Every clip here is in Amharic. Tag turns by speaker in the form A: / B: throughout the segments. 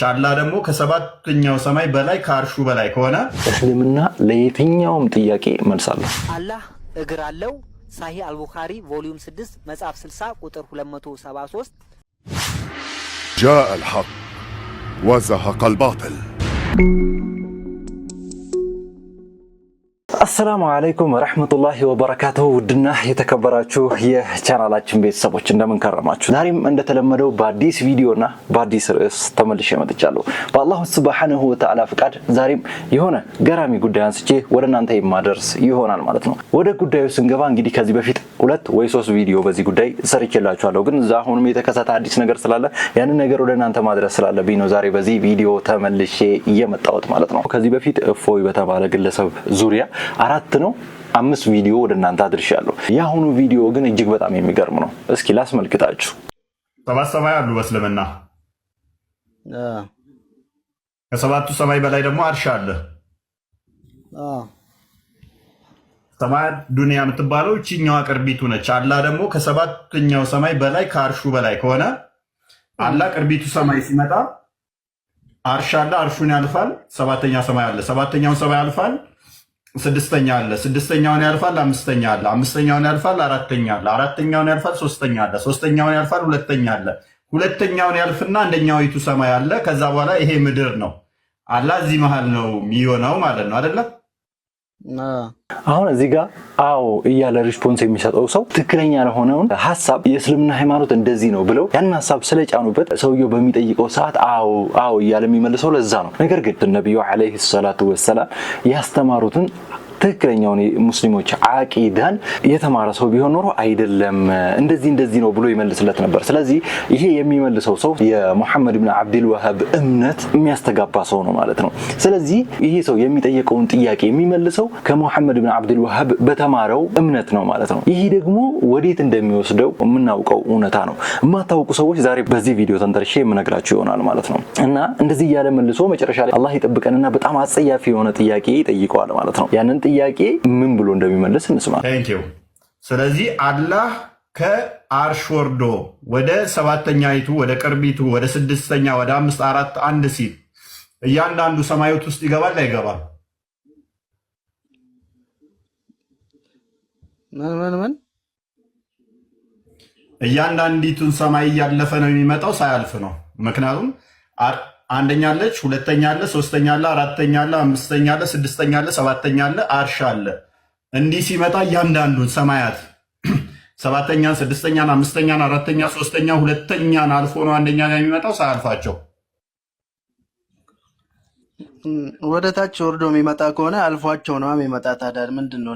A: ቻላ ደግሞ ከሰባተኛው ሰማይ በላይ ከአርሹ በላይ ከሆነ
B: እስልምና ለየትኛውም ጥያቄ መልሳለሁ።
C: አላህ እግር አለው። ሳሂ አልቡኻሪ ቮሊዩም 6 መጽሐፍ 60 ቁጥር 273
D: ጃአ አልሐቅ ወዘሀቀ አልባጥል
B: አሰላሙ አለይኩም ረህመቱላሂ ወበረካቱሁ። ውድና የተከበራችሁ የቻናላችን ቤተሰቦች እንደምንከረማችሁ፣ ዛሬም እንደተለመደው በአዲስ ቪዲዮና በአዲስ ርዕስ ተመልሼ መጥቻለሁ። በአላሁ ስብሓነሁ ወተዓላ ፍቃድ ዛሬም የሆነ ገራሚ ጉዳይ አንስቼ ወደ እናንተ የማደርስ ይሆናል ማለት ነው። ወደ ጉዳዩ ስንገባ እንግዲህ ከዚህ በፊት ሁለት ወይ ሶስት ቪዲዮ በዚህ ጉዳይ ሰርቼላችኋለሁ። ግን እዛ አሁንም የተከሰተ አዲስ ነገር ስላለ ያንን ነገር ወደ እናንተ ማድረስ ስላለብኝ ነው ዛሬ በዚህ ቪዲዮ ተመልሼ እየመጣሁት ማለት ነው። ከዚህ በፊት እፎይ በተባለ ግለሰብ ዙሪያ አራት ነው አምስት ቪዲዮ ወደ እናንተ አድርሻለሁ። የአሁኑ ቪዲዮ ግን እጅግ በጣም የሚገርም ነው። እስኪ ላስመልክታችሁ።
A: ሰባት ሰማይ አሉ በእስልምና ከሰባቱ ሰማይ በላይ ደግሞ አርሻ አለ ሰማያት ዱኒያ የምትባለው ይችኛዋ ቅርቢቱ ነች። አላ ደግሞ ከሰባተኛው ሰማይ በላይ ከአርሹ በላይ ከሆነ አላ ቅርቢቱ ሰማይ ሲመጣ አርሽ አለ፣ አርሹን ያልፋል። ሰባተኛ ሰማይ አለ፣ ሰባተኛውን ሰማይ ያልፋል። ስድስተኛ አለ፣ ስድስተኛውን ያልፋል። አምስተኛ አለ፣ አምስተኛውን ያልፋል። አራተኛ አለ፣ አራተኛውን ያልፋል። ሶስተኛ አለ፣ ሶስተኛውን ያልፋል። ሁለተኛ አለ፣ ሁለተኛውን ያልፍና አንደኛው ይቱ ሰማይ አለ። ከዛ በኋላ ይሄ ምድር ነው። አላ እዚህ መሀል ነው የሚሆነው ማለት ነው አይደለም
B: አሁን እዚህ ጋር አዎ እያለ ሪስፖንስ የሚሰጠው ሰው ትክክለኛ ለሆነውን ሀሳብ የእስልምና ሃይማኖት እንደዚህ ነው ብለው ያንን ሀሳብ ስለጫኑበት ሰውየው በሚጠይቀው ሰዓት አዎ አዎ እያለ የሚመልሰው ለዛ ነው። ነገር ግን ነቢዩ ዓለይሂ ሰላቱ ወሰላም ያስተማሩትን ትክክለኛውን ሙስሊሞች አቂዳን የተማረ ሰው ቢሆን ኖሮ አይደለም እንደዚህ እንደዚህ ነው ብሎ ይመልስለት ነበር። ስለዚህ ይሄ የሚመልሰው ሰው የሙሐመድ ብን አብድልዋሃብ እምነት የሚያስተጋባ ሰው ነው ማለት ነው። ስለዚህ ይሄ ሰው የሚጠየቀውን ጥያቄ የሚመልሰው ከሙሐመድ ብን አብድልዋሃብ በተማረው እምነት ነው ማለት ነው። ይሄ ደግሞ ወዴት እንደሚወስደው የምናውቀው እውነታ ነው። የማታውቁ ሰዎች ዛሬ በዚህ ቪዲዮ ተንተርሼ የምነግራችሁ ይሆናል ማለት ነው እና እንደዚህ እያለ መልሶ መጨረሻ ላይ አላህ ይጠብቀንና በጣም አጸያፊ የሆነ ጥያቄ ይጠይቀዋል ማለት ነው ያንን ጥያቄ ምን ብሎ እንደሚመልስ እንስማ።
A: ስለዚህ አላህ ከአርሽ ወርዶ ወደ ሰባተኛይቱ ወደ ቅርቢቱ ወደ ስድስተኛ ወደ አምስት አራት አንድ ሲል እያንዳንዱ ሰማዮት ውስጥ ይገባል አይገባም? ምን ምን ምን እያንዳንዲቱን ሰማይ እያለፈ ነው የሚመጣው፣ ሳያልፍ ነው ምክንያቱም አንደኛ አለች፣ ሁለተኛ አለ፣ ሶስተኛ አለ፣ አራተኛ አለ፣ አምስተኛ አለ፣ ስድስተኛ አለ፣ ሰባተኛ አለ፣ አርሻ አለ። እንዲህ ሲመጣ እያንዳንዱን ሰማያት ሰባተኛን፣ ስድስተኛን፣ አምስተኛን፣ አራተኛ፣ ሶስተኛ፣ ሁለተኛን አልፎ ነው አንደኛ ጋር የሚመጣው ሳያልፋቸው
B: ወደ ታች ወርዶ የሚመጣ ከሆነ አልፏቸው ነው የሚመጣ። ታዲያ ምንድን ነው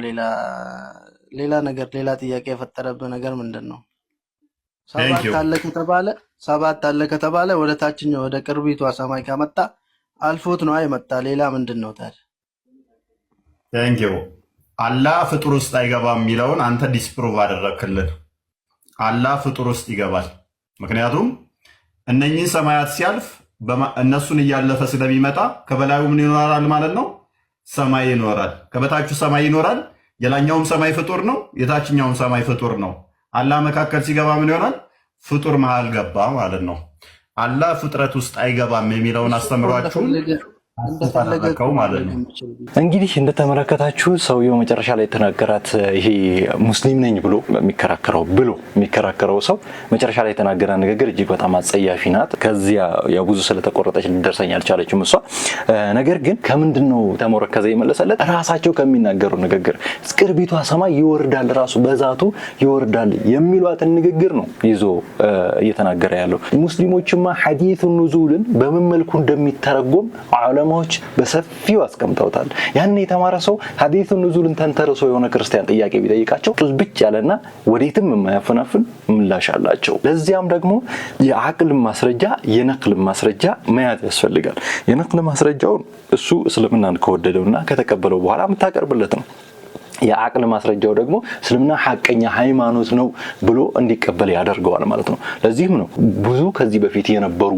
B: ሌላ ነገር ሌላ ጥያቄ የፈጠረብህ ነገር ምንድን ነው? ሰባት አለ ከተባለ ሰባት አለ ከተባለ ወደ ታችኛው ወደ ቅርቢቷ ሰማይ ከመጣ አልፎት ነው አይመጣ። ሌላ ምንድን ነው ታዲያ?
A: ቴንኪው አላህ ፍጡር ውስጥ አይገባም የሚለውን አንተ ዲስፕሩቭ አደረግክልን። አላህ ፍጡር ውስጥ ይገባል። ምክንያቱም እነኚህን ሰማያት ሲያልፍ እነሱን እያለፈ ስለሚመጣ ከበላዩ ምን ይኖራል ማለት ነው? ሰማይ ይኖራል። ከበታችሁ ሰማይ ይኖራል። የላኛውም ሰማይ ፍጡር ነው፣ የታችኛውም ሰማይ ፍጡር ነው። አላህ መካከል ሲገባ ምን ይሆናል? ፍጡር መሃል ገባ ማለት ነው። አላህ ፍጥረት ውስጥ አይገባም የሚለውን አስተምሯችሁ
B: እንግዲህ እንደተመለከታችሁ ሰውየው መጨረሻ ላይ የተናገራት ይሄ ሙስሊም ነኝ ብሎ የሚከራከረው ብሎ የሚከራከረው ሰው መጨረሻ ላይ የተናገረ ንግግር እጅግ በጣም አጸያፊ ናት። ከዚያ ያው ብዙ ስለተቆረጠች ልደርሰኝ አልቻለችም እሷ። ነገር ግን ከምንድን ነው ተሞረከዘ የመለሰለት ራሳቸው ከሚናገሩ ንግግር ቅርቢቷ ሰማይ ይወርዳል፣ ራሱ በዛቱ ይወርዳል የሚሏትን ንግግር ነው ይዞ እየተናገረ ያለው። ሙስሊሞችማ ሐዲሱ ኑዙልን በምን መልኩ እንደሚተረጎም ዑለማዎች በሰፊው አስቀምጠውታል። ያን የተማረ ሰው ሀዲቱን ኑዙልን ተንተርሶ የሆነ ክርስቲያን ጥያቄ ቢጠይቃቸው ቅልብጭ ያለና ወዴትም የማያፈናፍን ምላሽ አላቸው። ለዚያም ደግሞ የአቅል ማስረጃ የነቅል ማስረጃ መያዝ ያስፈልጋል። የነቅል ማስረጃውን እሱ እስልምናን ከወደደውና ከተቀበለው በኋላ የምታቀርብለት ነው። የአቅል ማስረጃው ደግሞ እስልምና ሀቀኛ ሃይማኖት ነው ብሎ እንዲቀበል ያደርገዋል ማለት ነው። ለዚህም ነው ብዙ ከዚህ በፊት የነበሩ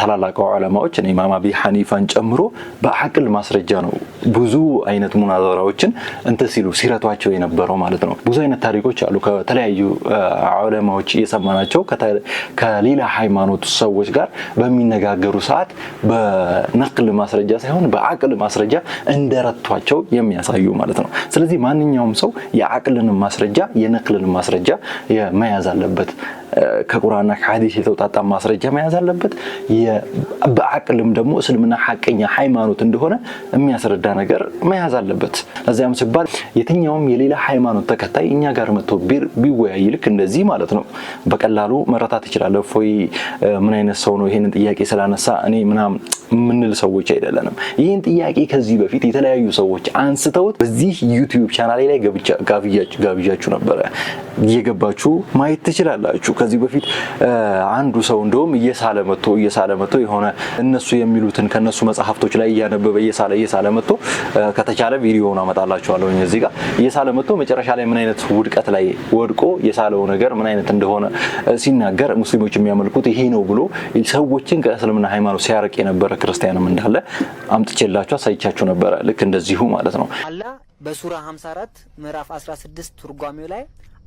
B: ታላላቅ ዑለማዎች ኢማም አቢ ሐኒፋን ጨምሮ በአቅል ማስረጃ ነው ብዙ አይነት ሙናዘራዎችን እንት ሲሉ ሲረቷቸው የነበረው ማለት ነው። ብዙ አይነት ታሪኮች አሉ ከተለያዩ ዑለማዎች የሰማናቸው ከሌላ ሃይማኖት ሰዎች ጋር በሚነጋገሩ ሰዓት በነቅል ማስረጃ ሳይሆን በአቅል ማስረጃ እንደረቷቸው የሚያሳዩ ማለት ነው። ስለዚህ ማንኛውም ሰው የአቅልንም ማስረጃ የነክልንም ማስረጃ መያዝ አለበት። ከቁርአንና ከሐዲስ የተውጣጣ ማስረጃ መያዝ አለበት። በአቅልም ደግሞ እስልምና ሐቀኛ ሃይማኖት እንደሆነ የሚያስረዳ ነገር መያዝ አለበት። ለዚያም ሲባል የትኛውም የሌላ ሃይማኖት ተከታይ እኛ ጋር መጥቶ ቢወያይ ልክ እንደዚህ ማለት ነው በቀላሉ መረታት ይችላል። እፎይ ምን አይነት ሰው ነው ይህንን ጥያቄ ስላነሳ እኔ ምናም የምንል ሰዎች አይደለንም። ይህን ጥያቄ ከዚህ በፊት የተለያዩ ሰዎች አንስተውት በዚህ ዩቲዩብ ቻናሌ ላይ ጋብዣችሁ ነበረ። እየገባችሁ ማየት ትችላላችሁ። ከዚህ በፊት አንዱ ሰው እንደውም እየሳለ መጥቶ እየሳለ መጥቶ የሆነ እነሱ የሚሉትን ከነሱ መጽሐፍቶች ላይ እያነበበ እየሳለ እየሳለ መጥቶ ከተቻለ ቪዲዮውን አመጣላችኋለሁ እዚህ ጋር እየሳለ መጥቶ መጨረሻ ላይ ምን አይነት ውድቀት ላይ ወድቆ የሳለው ነገር ምን አይነት እንደሆነ ሲናገር ሙስሊሞች የሚያመልኩት ይሄ ነው ብሎ ሰዎችን ከእስልምና ሃይማኖት ሲያርቅ የነበረ ክርስቲያንም እንዳለ አምጥቼላችሁ አሳይቻችሁ ነበረ። ልክ እንደዚሁ ማለት ነው።
C: በሱራ 54 ምዕራፍ 16 ትርጓሜው ላይ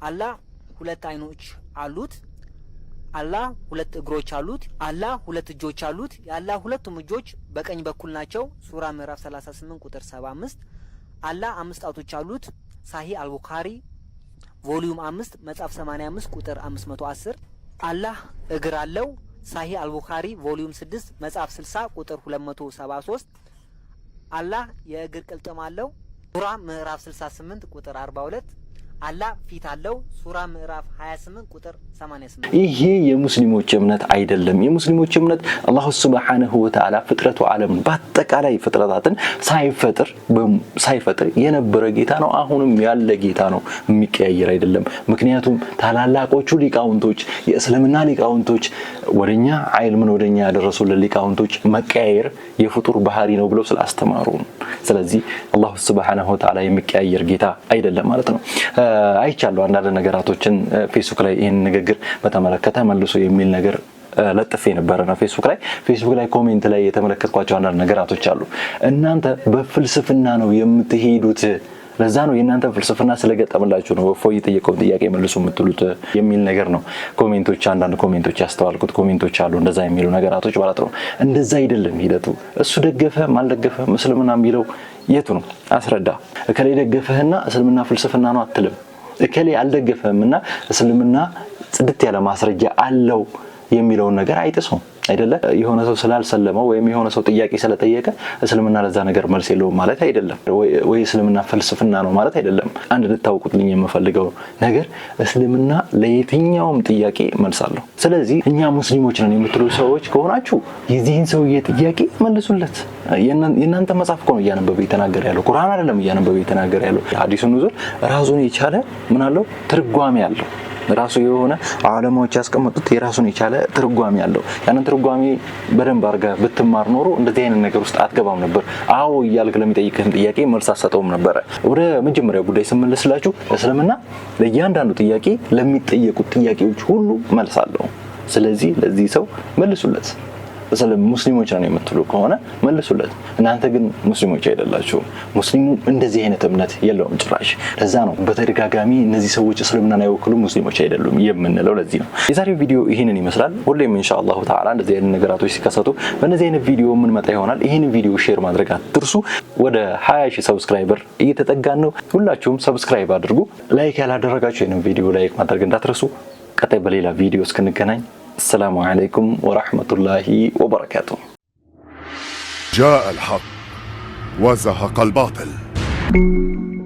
C: አላህ ሁለት አይኖች አሉት፣ አላህ ሁለት እግሮች አሉት፣ አላህ ሁለት እጆች አሉት፣ የአላህ ሁለቱም እጆች በቀኝ በኩል ናቸው። ሱራ ምዕራፍ 38 ቁጥር 75 አላህ አምስት ጣቶች አሉት። ሳሂ አልቡካሪ ቮሊዩም 5 መጽሐፍ 85 ቁጥር 510 አላህ እግር አለው። ሳሂ አልቡኻሪ ቮሊዩም 6 መጽሐፍ 60 ቁጥር 273 አላህ የእግር ቅልጥም አለው። ሱራ ምዕራፍ 68 ቁጥር 42 አላ ፊት አለው። ሱራ ምዕራፍ 28 ቁጥር 88።
B: ይሄ የሙስሊሞች እምነት አይደለም። የሙስሊሞች እምነት አላህ ሱብሓነሁ ወተዓላ ፍጥረቱ ዓለም በአጠቃላይ ፍጥረታትን ሳይፈጥር ሳይፈጥር የነበረ ጌታ ነው። አሁንም ያለ ጌታ ነው፣ የሚቀያየር አይደለም። ምክንያቱም ታላላቆቹ ሊቃውንቶች፣ የእስልምና ሊቃውንቶች ወደኛ ዐይልምን ወደኛ ያደረሱልን ሊቃውንቶች መቀያየር የፍጡር ባህሪ ነው ብለው ስላስተማሩ፣ ስለዚህ አላህ ሱብሓነሁ ወተዓላ የሚቀያየር ጌታ አይደለም ማለት ነው። አይቻለሁ አንዳንድ ነገራቶችን ፌስቡክ ላይ ይህን ንግግር በተመለከተ መልሶ የሚል ነገር ለጥፌ ነው ፌስቡክ ላይ ፌስቡክ ላይ ኮሜንት ላይ የተመለከትኳቸው አንዳንድ ነገራቶች አሉ። እናንተ በፍልስፍና ነው የምትሄዱት ለዛ ነው የእናንተ ፍልስፍና ስለገጠምላችሁ ነው ፎ የጠየቀውን ጥያቄ መልሱ የምትሉት የሚል ነገር ነው። ኮሜንቶች አንዳንድ ኮሜንቶች ያስተዋልኩት ኮሜንቶች አሉ እንደዛ የሚሉ ነገራቶች ማለት ነው። እንደዛ አይደለም ሂደቱ። እሱ ደገፈ አልደገፈም ምስልምና የሚለው የቱ ነው አስረዳ። እከሌ ደገፈህና እስልምና ፍልስፍና ነው አትልም። እከሌ አልደገፈህምና እስልምና ጽድት ያለ ማስረጃ አለው የሚለውን ነገር አይጥሱም አይደለ? የሆነ ሰው ስላልሰለመው ወይም የሆነ ሰው ጥያቄ ስለጠየቀ እስልምና ለዛ ነገር መልስ የለውም ማለት አይደለም፣ ወይ እስልምና ፍልስፍና ነው ማለት አይደለም። አንድ ልታውቁትልኝ የምፈልገው ነገር እስልምና ለየትኛውም ጥያቄ መልስ አለው። ስለዚህ እኛ ሙስሊሞች ነን የምትሉ ሰዎች ከሆናችሁ የዚህን ሰውዬ ጥያቄ መልሱለት። የእናንተ መጽሐፍ እኮ ነው እያነበበ የተናገረ ያለው ቁርአን አይደለም እያነበበ የተናገረ ያለው። አዲሱን ዙር ራሱን የቻለ ምን አለው ትርጓሜ አለው። ራሱ የሆነ አለማዎች ያስቀመጡት የራሱን የቻለ ትርጓሚ አለው። ያንን ትርጓሜ በደንብ አድርጋ ብትማር ኖሮ እንደዚህ አይነት ነገር ውስጥ አትገባም ነበር። አዎ እያልክ ለሚጠይቅህን ጥያቄ መልስ አሰጠውም ነበረ። ወደ መጀመሪያ ጉዳይ ስመለስላችሁ እስልምና ለእያንዳንዱ ጥያቄ ለሚጠየቁት ጥያቄዎች ሁሉ መልስ አለው። ስለዚህ ለዚህ ሰው መልሱለት። ስለ ሙስሊሞች ነው የምትሉ ከሆነ መልሱለት። እናንተ ግን ሙስሊሞች አይደላችሁም። ሙስሊሙ እንደዚህ አይነት እምነት የለውም ጭራሽ። ለዛ ነው በተደጋጋሚ እነዚህ ሰዎች እስልምናን አይወክሉም፣ ሙስሊሞች አይደሉም የምንለው ለዚህ ነው። የዛሬው ቪዲዮ ይህንን ይመስላል። ሁሌም ኢንሻአላሁ ተዓላ እንደዚህ አይነት ነገራቶች ሲከሰቱ በእነዚህ አይነት ቪዲዮ የምንመጣ ይሆናል። ይህን ቪዲዮ ሼር ማድረግ አትርሱ። ወደ 20 ሺህ ሰብስክራይበር እየተጠጋን ነው። ሁላችሁም ሰብስክራይብ አድርጉ። ላይክ ያላደረጋችሁ ይህንን ቪዲዮ ላይክ ማድረግ እንዳትረሱ። ቀጣይ በሌላ ቪዲዮ እስክንገናኝ السلام عليكم ورحمة الله وبركاته جاء الحق وزهق الباطل